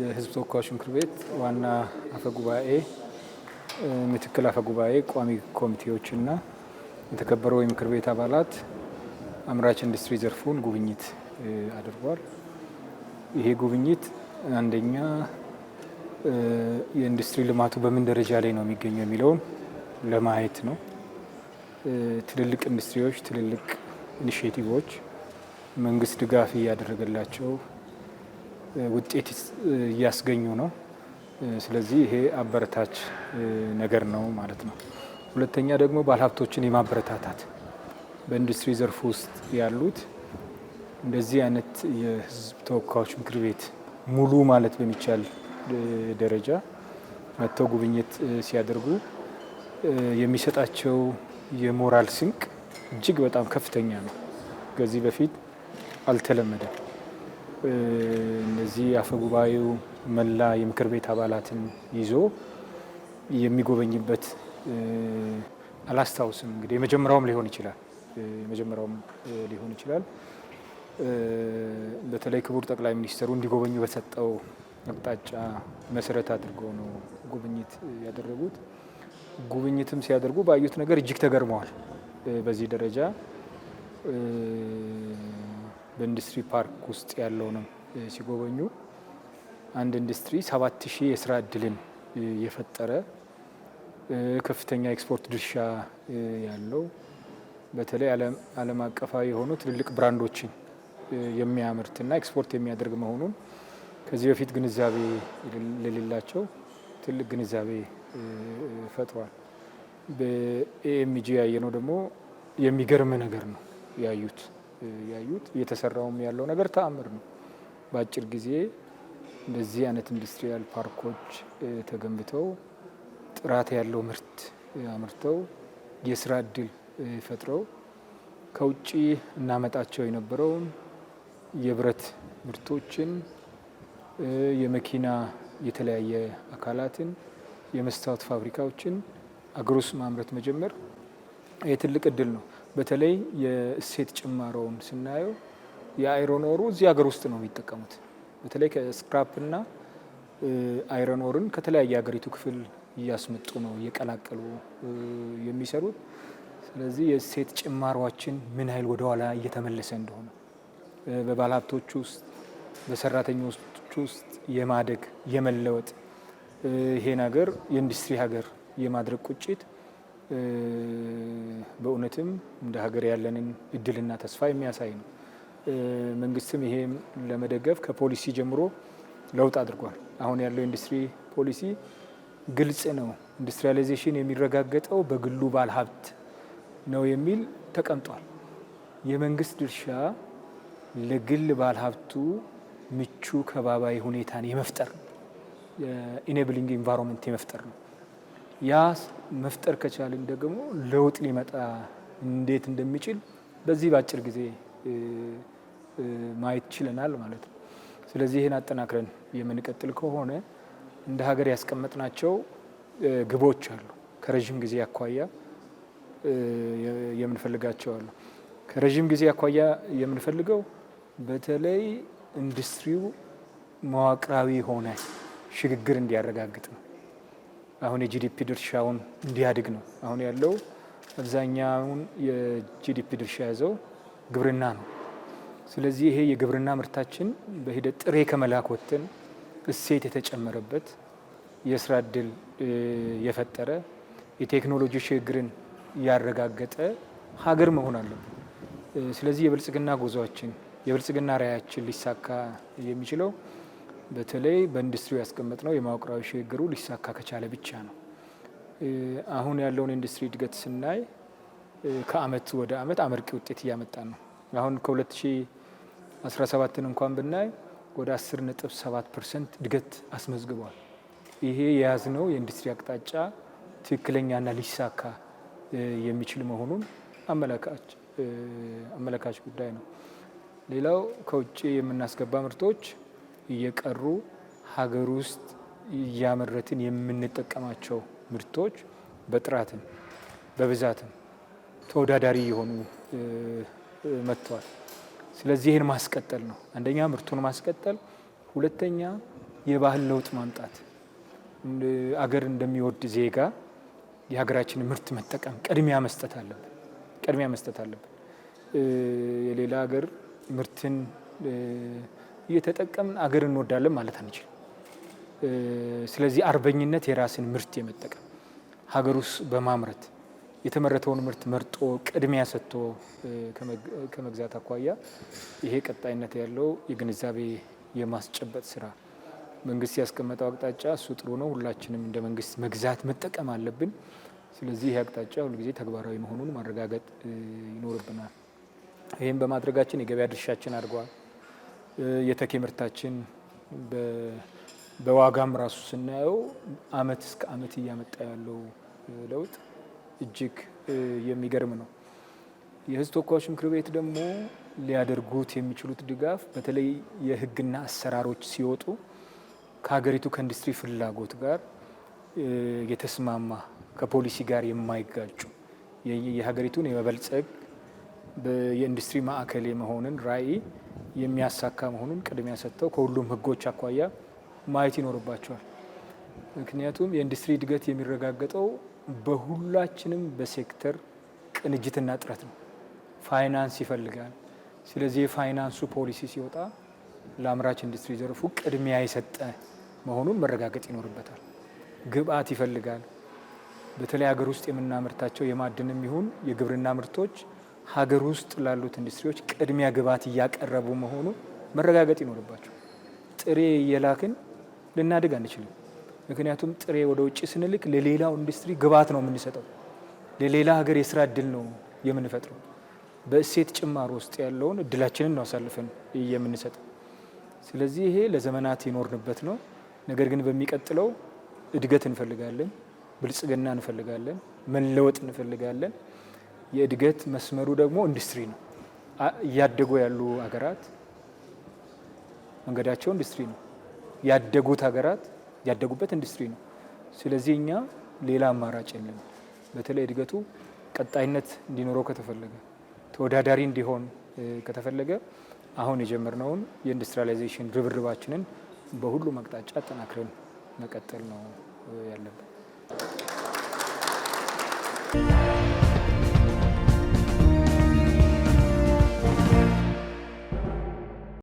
የህዝብ ተወካዮች ምክር ቤት ዋና አፈ ጉባኤ፣ ምክትል አፈ ጉባኤ፣ ቋሚ ኮሚቴዎችና የተከበረው የምክር ቤት አባላት አምራች ኢንዱስትሪ ዘርፉን ጉብኝት አድርጓል። ይሄ ጉብኝት አንደኛ የኢንዱስትሪ ልማቱ በምን ደረጃ ላይ ነው የሚገኘው የሚለውን ለማየት ነው። ትልልቅ ኢንዱስትሪዎች፣ ትልልቅ ኢኒሽቲቮች መንግስት ድጋፍ እያደረገላቸው ውጤት እያስገኙ ነው። ስለዚህ ይሄ አበረታች ነገር ነው ማለት ነው። ሁለተኛ ደግሞ ባለሀብቶችን የማበረታታት በኢንዱስትሪ ዘርፍ ውስጥ ያሉት እንደዚህ አይነት የህዝብ ተወካዮች ምክር ቤት ሙሉ ማለት በሚቻል ደረጃ መጥተው ጉብኝት ሲያደርጉ የሚሰጣቸው የሞራል ስንቅ እጅግ በጣም ከፍተኛ ነው። ከዚህ በፊት አልተለመደም እዚህ አፈጉባኤው መላ የምክር ቤት አባላትን ይዞ የሚጎበኝበት አላስታውስም። እንግዲህ የመጀመሪያውም ሊሆን ይችላል የመጀመሪያውም ሊሆን ይችላል። በተለይ ክቡር ጠቅላይ ሚኒስትሩ እንዲጎበኙ በሰጠው አቅጣጫ መሰረት አድርገው ነው ጉብኝት ያደረጉት። ጉብኝትም ሲያደርጉ ባዩት ነገር እጅግ ተገርመዋል። በዚህ ደረጃ በኢንዱስትሪ ፓርክ ውስጥ ያለውንም ሲጎበኙ አንድ ኢንዱስትሪ ሰባት ሺህ የስራ እድልን የፈጠረ ከፍተኛ ኤክስፖርት ድርሻ ያለው በተለይ ዓለም አቀፋዊ የሆኑ ትልልቅ ብራንዶችን የሚያመርትና ኤክስፖርት የሚያደርግ መሆኑን ከዚህ በፊት ግንዛቤ ለሌላቸው ትልቅ ግንዛቤ ፈጥሯል። በኤኤምጂ ያየነው ደግሞ የሚገርም ነገር ነው ያዩት ያዩት እየተሰራውም ያለው ነገር ተአምር ነው። በአጭር ጊዜ እንደዚህ አይነት ኢንዱስትሪያል ፓርኮች ተገንብተው ጥራት ያለው ምርት አምርተው የስራ እድል ፈጥረው ከውጭ እናመጣቸው የነበረውን የብረት ምርቶችን፣ የመኪና የተለያየ አካላትን፣ የመስታወት ፋብሪካዎችን አገር ውስጥ ማምረት መጀመር ትልቅ እድል ነው። በተለይ የእሴት ጭማሪውን ስናየው የአይሮን ኦሩ እዚህ ሀገር ውስጥ ነው የሚጠቀሙት። በተለይ ከስክራፕና አይሮን ኦርን ከተለያየ ሀገሪቱ ክፍል እያስመጡ ነው እየቀላቀሉ የሚሰሩት። ስለዚህ የእሴት ጭማሯችን ምን ያህል ወደኋላ እየተመለሰ እንደሆነ በባለሀብቶች ውስጥ በሰራተኞች ውስጥ የማደግ የመለወጥ ይሄን ሀገር የኢንዱስትሪ ሀገር የማድረግ ቁጭት በእውነትም እንደ ሀገር ያለንን እድልና ተስፋ የሚያሳይ ነው። መንግስትም ይሄ ለመደገፍ ከፖሊሲ ጀምሮ ለውጥ አድርጓል። አሁን ያለው ኢንዱስትሪ ፖሊሲ ግልጽ ነው። ኢንዱስትሪያላይዜሽን የሚረጋገጠው በግሉ ባለ ሀብት ነው የሚል ተቀምጧል። የመንግስት ድርሻ ለግል ባለ ሀብቱ ምቹ ከባባይ ሁኔታን የመፍጠር ኢኔብሊንግ ኢንቫይሮንመንት የመፍጠር ነው። ያ መፍጠር ከቻልን ደግሞ ለውጥ ሊመጣ እንዴት እንደሚችል በዚህ በአጭር ጊዜ ማየት ችለናል ማለት ነው። ስለዚህ ይህን አጠናክረን የምንቀጥል ከሆነ እንደ ሀገር ያስቀመጥናቸው ግቦች አሉ። ከረዥም ጊዜ አኳያ የምንፈልጋቸው አሉ። ከረዥም ጊዜ አኳያ የምንፈልገው በተለይ ኢንዱስትሪው መዋቅራዊ ሆነ ሽግግር እንዲያረጋግጥ ነው። አሁን የጂዲፒ ድርሻውን እንዲያድግ ነው። አሁን ያለው አብዛኛውን የጂዲፒ ድርሻ ያዘው ግብርና ነው። ስለዚህ ይሄ የግብርና ምርታችን በሂደት ጥሬ ከመላክ ወጥተን እሴት የተጨመረበት የስራ እድል የፈጠረ የቴክኖሎጂ ሽግግርን ያረጋገጠ ሀገር መሆን አለብን። ስለዚህ የብልጽግና ጉዟችን የብልጽግና ራዕያችን ሊሳካ የሚችለው በተለይ በኢንዱስትሪ ያስቀመጥነው የማውቅራዊ ሽግግሩ ሊሳካ ከቻለ ብቻ ነው። አሁን ያለውን ኢንዱስትሪ እድገት ስናይ ከአመት ወደ አመት አመርቂ ውጤት እያመጣ ነው። አሁን ከ2017 እንኳን ብናይ ወደ 10.7 ፐርሰንት እድገት አስመዝግቧል። ይሄ የያዝነው የኢንዱስትሪ አቅጣጫ ትክክለኛና ሊሳካ የሚችል መሆኑን አመላካች ጉዳይ ነው። ሌላው ከውጭ የምናስገባ ምርቶች እየቀሩ ሀገር ውስጥ እያመረትን የምንጠቀማቸው ምርቶች በጥራትም በብዛትም ተወዳዳሪ የሆኑ መጥተዋል። ስለዚህ ይህን ማስቀጠል ነው። አንደኛ ምርቱን ማስቀጠል፣ ሁለተኛ የባህል ለውጥ ማምጣት፣ አገር እንደሚወድ ዜጋ የሀገራችን ምርት መጠቀም ቅድሚያ መስጠት አለብን። ቅድሚያ መስጠት አለብን። የሌላ ሀገር ምርትን እየተጠቀምን አገር እንወዳለን ማለት አንችልም። ስለዚህ አርበኝነት የራስን ምርት የመጠቀም ሀገር ውስጥ በማምረት የተመረተውን ምርት መርጦ ቅድሚያ ሰጥቶ ከመግዛት አኳያ ይሄ ቀጣይነት ያለው የግንዛቤ የማስጨበጥ ስራ መንግስት ያስቀመጠው አቅጣጫ እሱ ጥሩ ነው። ሁላችንም እንደ መንግስት መግዛት መጠቀም አለብን። ስለዚህ ይህ አቅጣጫ ሁልጊዜ ተግባራዊ መሆኑን ማረጋገጥ ይኖርብናል። ይህም በማድረጋችን የገበያ ድርሻችን አድገዋል። የተኬ ምርታችን በዋጋም ራሱ ስናየው አመት እስከ አመት እያመጣ ያለው ለውጥ እጅግ የሚገርም ነው። የህዝብ ተወካዮች ምክር ቤት ደግሞ ሊያደርጉት የሚችሉት ድጋፍ በተለይ የህግና አሰራሮች ሲወጡ ከሀገሪቱ ከኢንዱስትሪ ፍላጎት ጋር የተስማማ ከፖሊሲ ጋር የማይጋጩ የሀገሪቱን የመበልጸግ የኢንዱስትሪ ማዕከል የመሆንን ራዕይ የሚያሳካ መሆኑን ቅድሚያ ሰጥተው ከሁሉም ህጎች አኳያ ማየት ይኖርባቸዋል። ምክንያቱም የኢንዱስትሪ እድገት የሚረጋገጠው በሁላችንም በሴክተር ቅንጅትና ጥረት ነው። ፋይናንስ ይፈልጋል። ስለዚህ የፋይናንሱ ፖሊሲ ሲወጣ ለአምራች ኢንዱስትሪ ዘርፉ ቅድሚያ የሰጠ መሆኑን መረጋገጥ ይኖርበታል። ግብአት ይፈልጋል። በተለይ ሀገር ውስጥ የምናመርታቸው የማዕድንም ይሁን የግብርና ምርቶች ሀገር ውስጥ ላሉት ኢንዱስትሪዎች ቅድሚያ ግብአት እያቀረቡ መሆኑ መረጋገጥ ይኖርባቸው። ጥሬ የላክን ልናድግ አንችልም። ምክንያቱም ጥሬ ወደ ውጭ ስንልክ ለሌላው ኢንዱስትሪ ግብዓት ነው የምንሰጠው፣ ለሌላ ሀገር የስራ እድል ነው የምንፈጥረው። በእሴት ጭማር ውስጥ ያለውን እድላችንን ነው አሳልፈን የምንሰጠው። ስለዚህ ይሄ ለዘመናት ይኖርንበት ነው። ነገር ግን በሚቀጥለው እድገት እንፈልጋለን፣ ብልጽግና እንፈልጋለን፣ መለወጥ እንፈልጋለን። የእድገት መስመሩ ደግሞ ኢንዱስትሪ ነው። እያደጉ ያሉ ሀገራት መንገዳቸው ኢንዱስትሪ ነው። ያደጉት ሀገራት ያደጉበት ኢንዱስትሪ ነው። ስለዚህ እኛ ሌላ አማራጭ የለም። በተለይ እድገቱ ቀጣይነት እንዲኖረው ከተፈለገ ተወዳዳሪ እንዲሆን ከተፈለገ አሁን የጀመርነውን የኢንዱስትሪያላይዜሽን ርብርባችንን በሁሉም አቅጣጫ አጠናክረን መቀጠል ነው ያለብን።